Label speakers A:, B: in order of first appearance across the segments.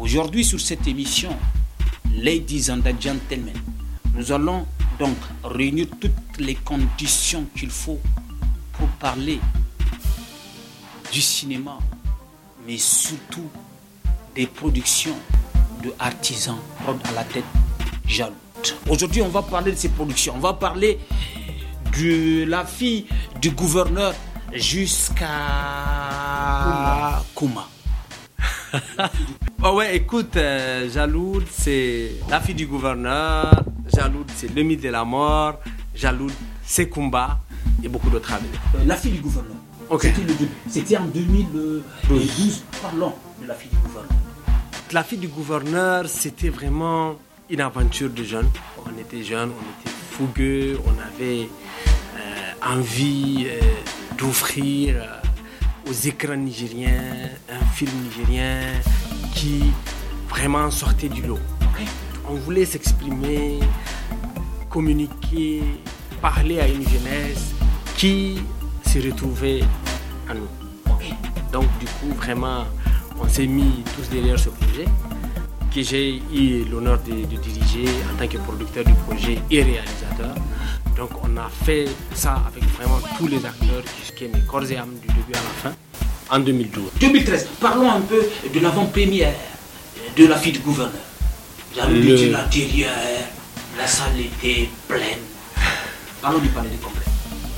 A: Aujourd'hui, sur cette émission, Ladies and Gentlemen, nous allons donc réunir toutes les conditions qu'il faut pour parler du cinéma, mais surtout des productions de artisans à la tête jaloux. Aujourd'hui, on va parler de ces productions. On va parler de la fille du gouverneur jusqu'à Kuma.
B: Oh ouais, écoute, euh, Jaloud, c'est la fille du gouverneur. Jaloud, c'est le mythe de la mort. Jaloud, c'est Kumba et beaucoup d'autres amis. Euh, la fille du
A: gouverneur. C'était en 2012. Parlons de la fille du gouverneur.
B: La fille du gouverneur, c'était vraiment une aventure de jeunes. On était jeunes, on était fougueux, on avait euh, envie D'ouvrir aux écrans nigériens, un film nigérien qui vraiment sortait du lot. On voulait s'exprimer, communiquer, parler à une jeunesse qui se retrouvait à nous. Donc du coup, vraiment, on s'est mis tous derrière ce projet que j'ai eu l'honneur de, diriger en tant que producteur du projet et réalisateur. Donc on a fait ça avec vraiment tous les acteurs qui mes corps et âmes du début à la fin en 2012. 2013, parlons un peu de l'avant-première
A: de la fille du gouverneur. le... l'intérieur, la salle était pleine. Parlons du palais du complet.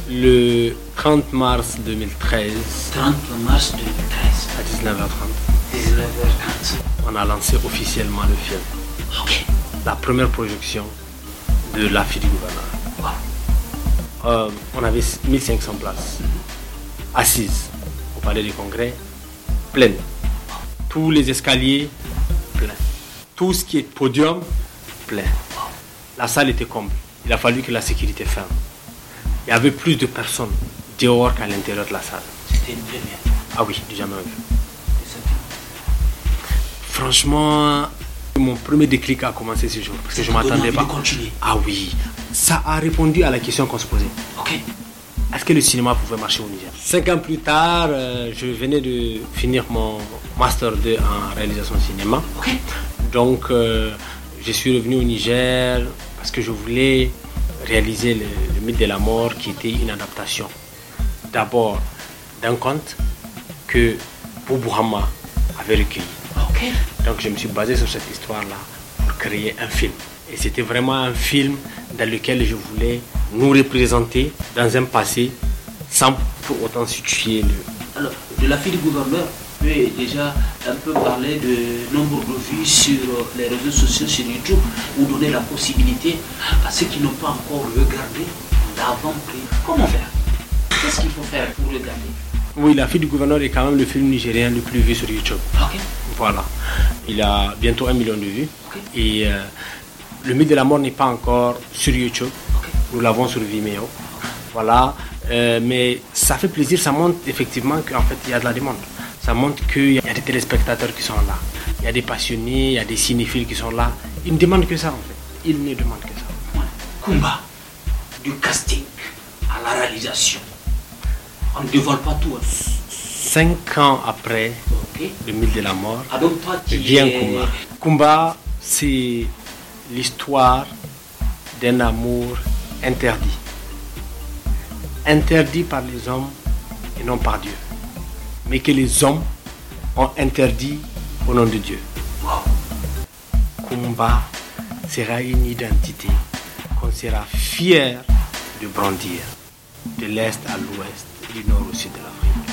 B: Le 30 mars 2013. 30 mars
A: 2013. À
B: 19h30. 19h30. On a lancé officiellement le film. Ok. La première projection de la fille du gouverneur. Euh, on avait 1500 places assises au palais du congrès, pleines. Tous les escaliers, pleins. Tout ce qui est podium, plein. La salle était comble. Il a fallu que la sécurité ferme. Il y avait plus de personnes dehors qu'à l'intérieur de la salle.
A: C'était une première.
B: Ah oui, jamais vu. Franchement, mon premier déclic a commencé ce jour parce que je m'attendais pas. continuer. Ah oui, ça a répondu à la question qu'on se posait. Ok. Est-ce que le cinéma pouvait marcher au Niger Cinq ans plus tard, euh, je venais de finir mon Master 2 en réalisation de cinéma. Ok. Donc, euh, je suis revenu au Niger parce que je voulais réaliser le, mythe de la mort qui était une adaptation d'abord d'un conte que Boubou avait recueilli. Ok. Donc, je me suis basé sur cette histoire-là pour créer un film. Et c'était vraiment un film dans lequel je voulais nous représenter dans un passé sans pour autant situer le.
A: Alors, de la fille du gouverneur, vous déjà un peu parler de nombre de vues sur les réseaux sociaux, sur YouTube, ou donner la possibilité à ceux qui n'ont pas encore regardé d'avant-prix. Comment faire Qu'est-ce qu'il faut faire pour regarder
B: oui, La fille du gouverneur est quand même le film nigérien le plus vu sur YouTube. Voilà. Il a bientôt un million de vues. Et euh, le mythe de la mort n'est pas encore sur YouTube. Nous l'avons sur Vimeo. Voilà. Euh, mais ça fait plaisir, ça montre effectivement qu'en fait, il y a de la demande. Ça montre qu'il y a des téléspectateurs qui sont là. Il y a des passionnés, il y a des cinéphiles qui sont là. Ils ne demandent que ça, en fait. Ils ne demandent que ça. Kumba, du casting à la réalisation. On ne dévoile pas tout. Hein. Cinq ans après le mythe de la mort, ah, Kumba. Kumba, c'est l'histoire d'un amour interdit. Interdit par les hommes et non par Dieu. Mais que les hommes ont interdit au nom de Dieu. Wow. sera une identité qu'on sera fier de brandir de l'Est à l'Ouest, du Nord au Sud de l'Afrique.